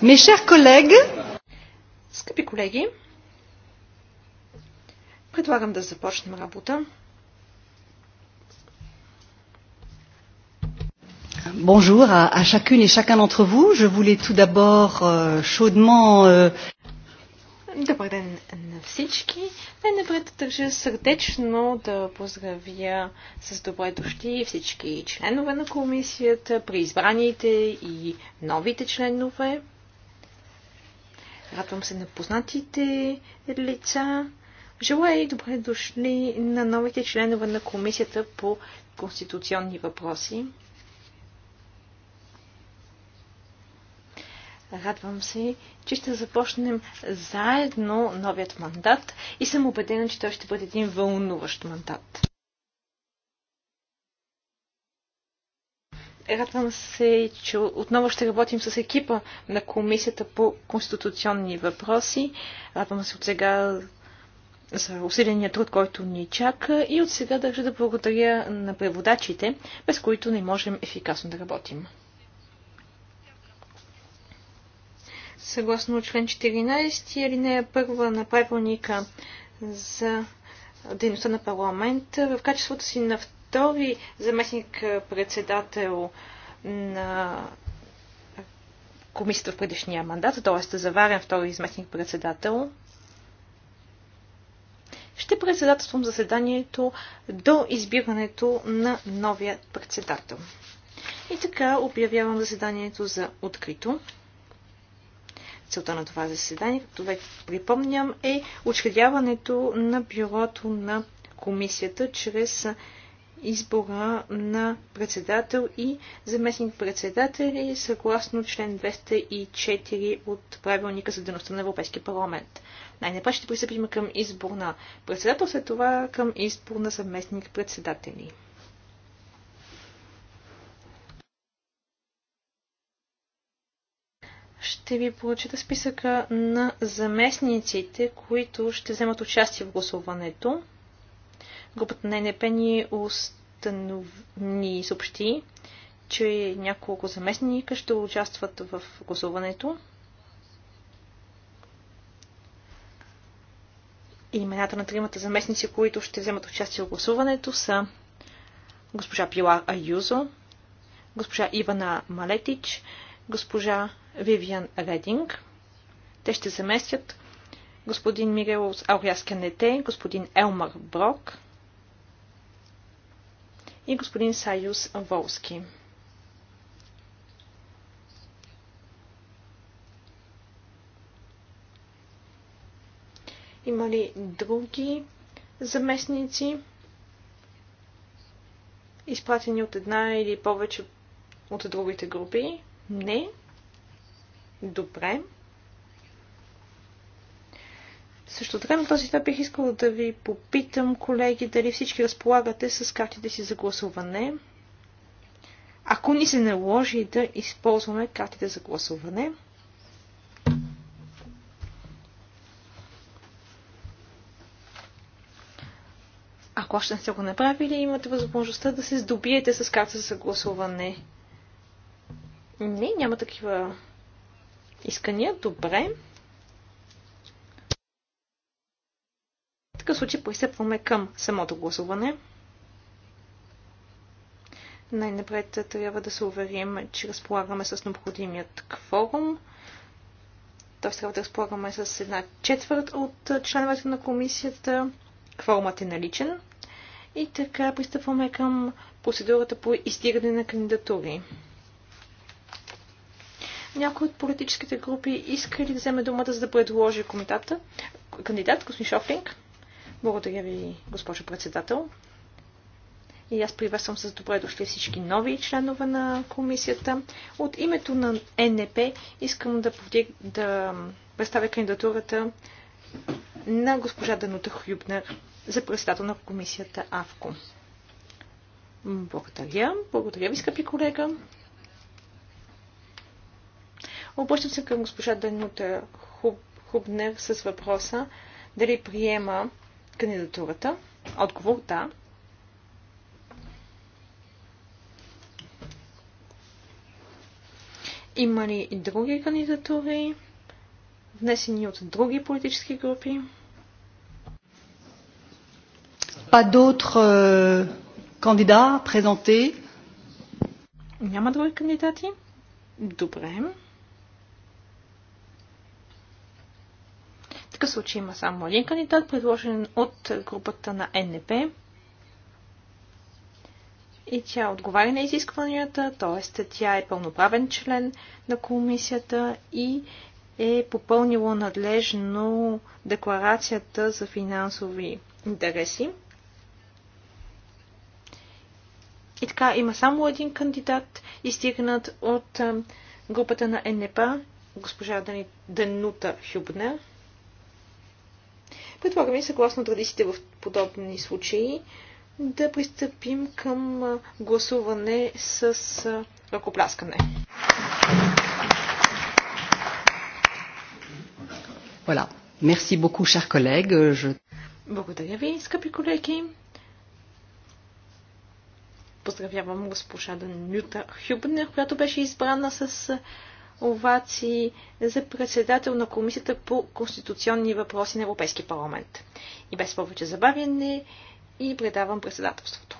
Mes chers collègues, скъпи колеги, предлагам да започнем работа. Bonjour à, à chacune et chacun d'entre vous. Je voulais tout d'abord euh, chaudement. Euh... Добър ден на всички. Най-напред държа сърдечно да поздравя с добре дошли всички членове на комисията, преизбраните и новите членове. Радвам се на познатите лица. Желая и добре дошли на новите членове на Комисията по конституционни въпроси. Радвам се, че ще започнем заедно новият мандат и съм убедена, че той ще бъде един вълнуващ мандат. Радвам се, че отново ще работим с екипа на Комисията по конституционни въпроси. Радвам се от сега за усиления труд, който ни чака и от сега държа да благодаря на преводачите, без които не можем ефикасно да работим. Съгласно член 14, алинея 1 на правилника за дейността на парламент, в качеството си на втори заместник председател на комисията в предишния мандат, т.е. заварен втори заместник председател. Ще председателствам заседанието до избирането на новия председател. И така обявявам заседанието за открито. Целта на това заседание, както вече припомням, е учредяването на бюрото на комисията чрез избора на председател и заместник-председатели съгласно член 204 от правилника за дъността на Европейския парламент. Най-напред ще пристъпим към избор на председател, след това към избор на заместник-председатели. Ще ви прочита списъка на заместниците, които ще вземат участие в гласуването. Групата на НДП ни, установ... ни съобщи, че няколко заместника ще участват в гласуването. Имената на тримата заместници, които ще вземат участие в гласуването са госпожа Пилар Аюзо, госпожа Ивана Малетич, госпожа Вивиан Рединг. Те ще заместят господин Мирелос Ауряскенете, господин Елмар Брок, и господин Сайус Волски. Има ли други заместници, изпратени от една или повече от другите групи? Не. Добре. Също така на този етап бих искала да ви попитам, колеги, дали всички разполагате с картите си за гласуване. Ако ни се наложи да използваме картите за гласуване, ако още не сте го направили, имате възможността да се здобиете с карта за гласуване. Не, няма такива искания. Добре. такъв случай пристъпваме към самото гласуване. Най-напред трябва да се уверим, че разполагаме с необходимият кворум. Т.е. трябва да разполагаме с една четвърт от членовете на комисията. Кворумът е наличен. И така пристъпваме към процедурата по издигане на кандидатури. Някой от политическите групи иска ли да вземе думата, за да предложи комитата? кандидат, господин Шофлинг? Благодаря ви, госпожо председател. И аз приветствам с добре дошли всички нови членове на комисията. От името на НП искам да, повдиг, да представя кандидатурата на госпожа Данута Хюбнер за председател на комисията АВКО. Благодаря. Благодаря ви, скъпи колега. Обръщам се към госпожа Данута Хубнер с въпроса дали приема кандидатурата? Отговор да. Има ли и други кандидатури, внесени от други политически групи? Pas d'autres euh, candidats présentés. Няма други кандидати? Добре. такъв случай има само един кандидат, предложен от групата на НДП. И тя отговаря на изискванията, т.е. тя е пълноправен член на комисията и е попълнила надлежно декларацията за финансови интереси. И така, има само един кандидат, изтигнат от групата на НПА, госпожа Данута Хюбнер. Предлагаме съгласно традициите в подобни случаи да пристъпим към гласуване с ръкопляскане. Voilà. Merci beaucoup, chers collègues. Je... Благодаря ви, скъпи колеги. Поздравявам госпожа Данюта Хюбнер, която беше избрана с овации за председател на Комисията по конституционни въпроси на Европейски парламент. И без повече забавяне и предавам председателството.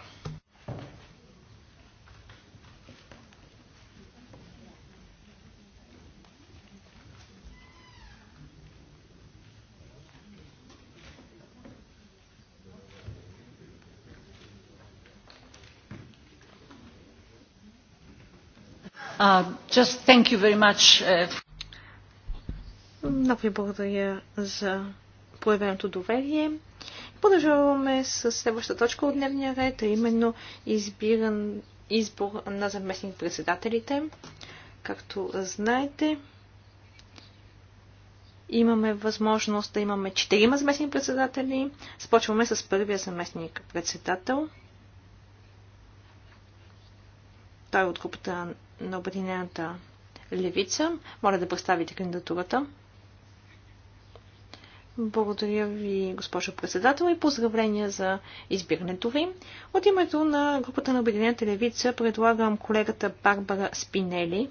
Uh, uh, Много ви благодаря за появеното доверие. Продължаваме с следващата точка от дневния ред, а именно избиран, избор на заместник председателите. Както знаете, имаме възможност да имаме четирима заместни председатели. Спочваме с първия заместник председател. Той е от групата на Обединената левица. Моля да представите кандидатурата. Благодаря ви, госпожо председател, и поздравления за избирането ви. От името на групата на Обединената левица предлагам колегата Барбара Спинели.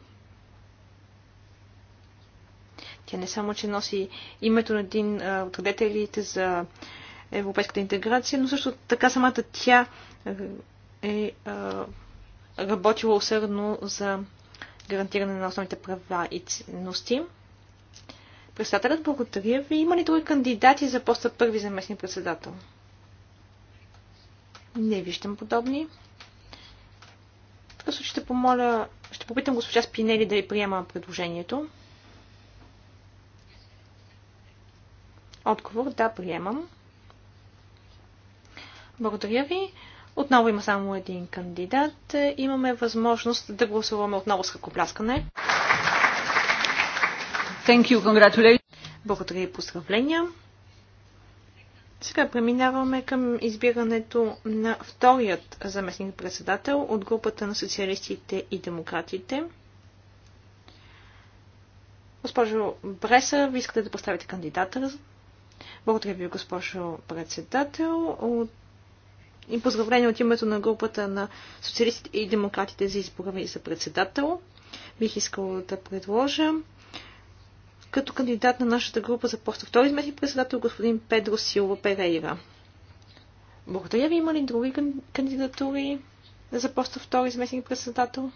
Тя не само, че носи името на един от родителите за европейската интеграция, но също така самата тя е работила усърдно за гарантиране на основните права и ценности. Председателят, благодаря ви. Има ли други кандидати за поста първи заместни председател? Не виждам подобни. Така ще помоля, ще попитам госпожа Спинели да ви приема предложението. Отговор, да, приемам. Благодаря ви. Отново има само един кандидат. Имаме възможност да гласуваме отново с ръкопляскане. Thank you, congratulations. Благодаря и поздравления. Сега преминаваме към избирането на вторият заместник председател от групата на социалистите и демократите. Госпожо Бреса, ви искате да поставите кандидата? Благодаря ви, госпожо председател. От и поздравление от името на групата на социалистите и демократите за избора ми за председател. Бих искала да предложа като кандидат на нашата група за поста втори заместник председател господин Педро Силва Перейра. Благодаря ви. Има ли други кандидатури за поста втори заместник председател?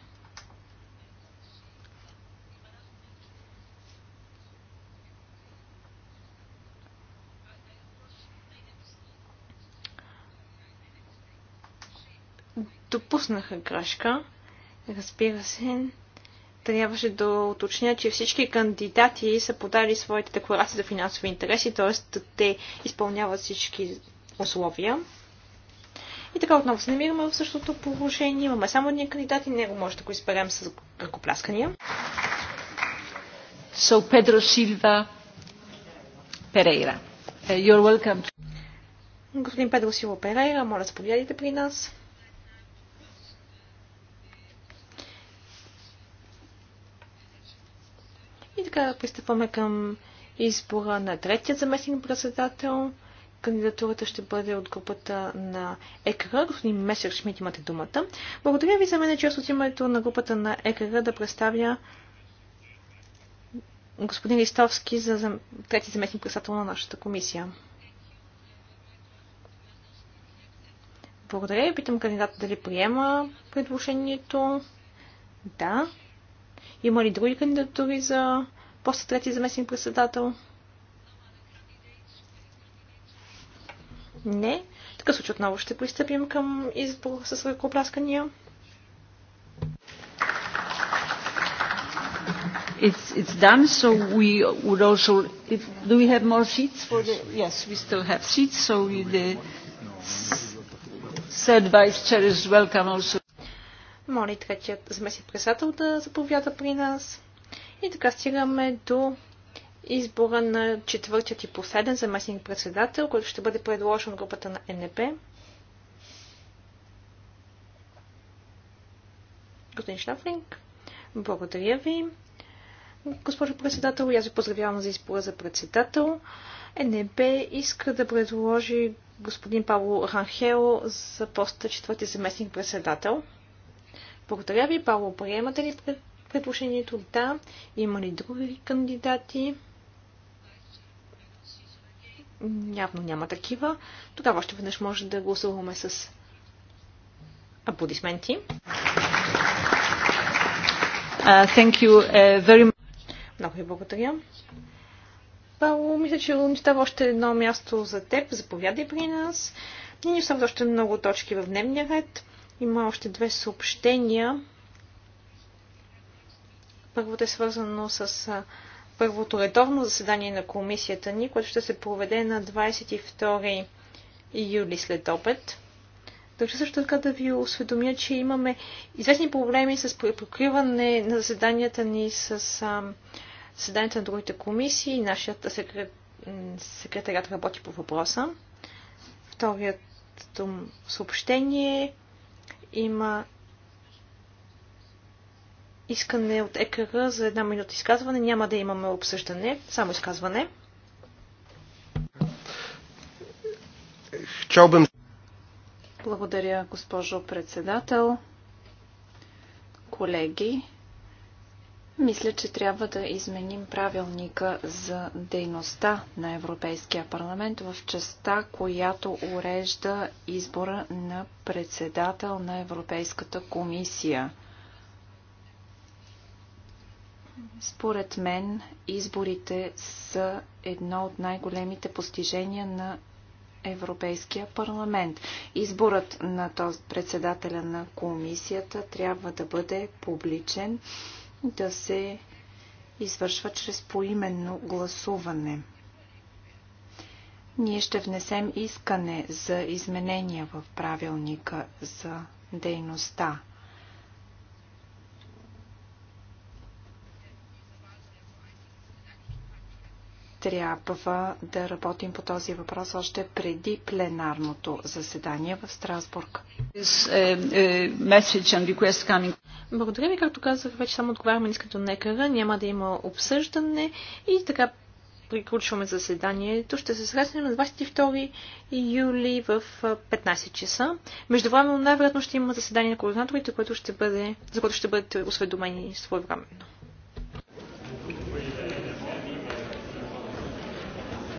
допуснаха грешка. Разбира се, трябваше да уточня, че всички кандидати са подали своите декларации за финансови интереси, т.е. те изпълняват всички условия. И така отново се намираме в същото положение. Имаме само един кандидат и него може да го изберем с ръкопляскания. So, Pedro Silva Pereira. Uh, you're welcome. Господин Педро Силва Перейра, моля заповядайте при нас. Сега пристъпваме към избора на третия заместник председател. Кандидатурата ще бъде от групата на ЕКР. Господин Месер Шмидт, имате думата. Благодаря ви за мен, е че от името на групата на ЕКР да представя господин Листовски за трети заместник председател на нашата комисия. Благодаря. Питам кандидата дали приема предложението. Да. Има ли други кандидатури за после трети заместник председател? Не. Така случай отново ще пристъпим към избор с ръкопляскания. It's, it's done, so we would also... If, do we have more seats for the... Yes, we still have seats, so we, the third vice chair is welcome also. Моля третият заместник председател да заповяда при нас. И така стигаме до избора на четвъртият и последен заместник председател, който ще бъде предложен от групата на НП. Господин Шафлинг, благодаря ви. Госпожо председател, аз ви поздравявам за избора за председател. НБ иска да предложи господин Павло Ранхел за поста четвърти заместник председател. Благодаря ви, Павло, приемате ли пред предложението? Да. Има ли други кандидати? Явно няма такива. Тогава още веднъж може да гласуваме с аплодисменти. Uh, thank you, uh, very much. Много ви благодаря. Павло, мисля, че ни става още едно място за теб. Заповядай при нас. Ние ни остават още много точки в дневния ред. Има още две съобщения. Първото е свързано с първото редовно заседание на комисията ни, което ще се проведе на 22 юли след обед. Държа също така да ви осведомя, че имаме известни проблеми с препокриване на заседанията ни с а, заседанията на другите комисии. Нашият секрет, секретарят работи по въпроса. Вторият съобщение има искане от ЕКР за една минута изказване. Няма да имаме обсъждане, само изказване. Благодаря, госпожо председател. Колеги, мисля, че трябва да изменим правилника за дейността на Европейския парламент в частта, която урежда избора на председател на Европейската комисия – според мен изборите са едно от най-големите постижения на Европейския парламент. Изборът на този председателя на комисията трябва да бъде публичен, да се извършва чрез поименно гласуване. Ние ще внесем искане за изменения в правилника за дейността трябва да работим по този въпрос още преди пленарното заседание в Страсбург. Е, е, Благодаря ви, както казах, вече само отговаряме искането на няма да има обсъждане и така приключваме заседанието. Ще се срещнем на 22 юли в 15 часа. Междувременно най-вероятно ще има заседание на координаторите, което ще бъде, за което ще бъдете осведомени своевременно.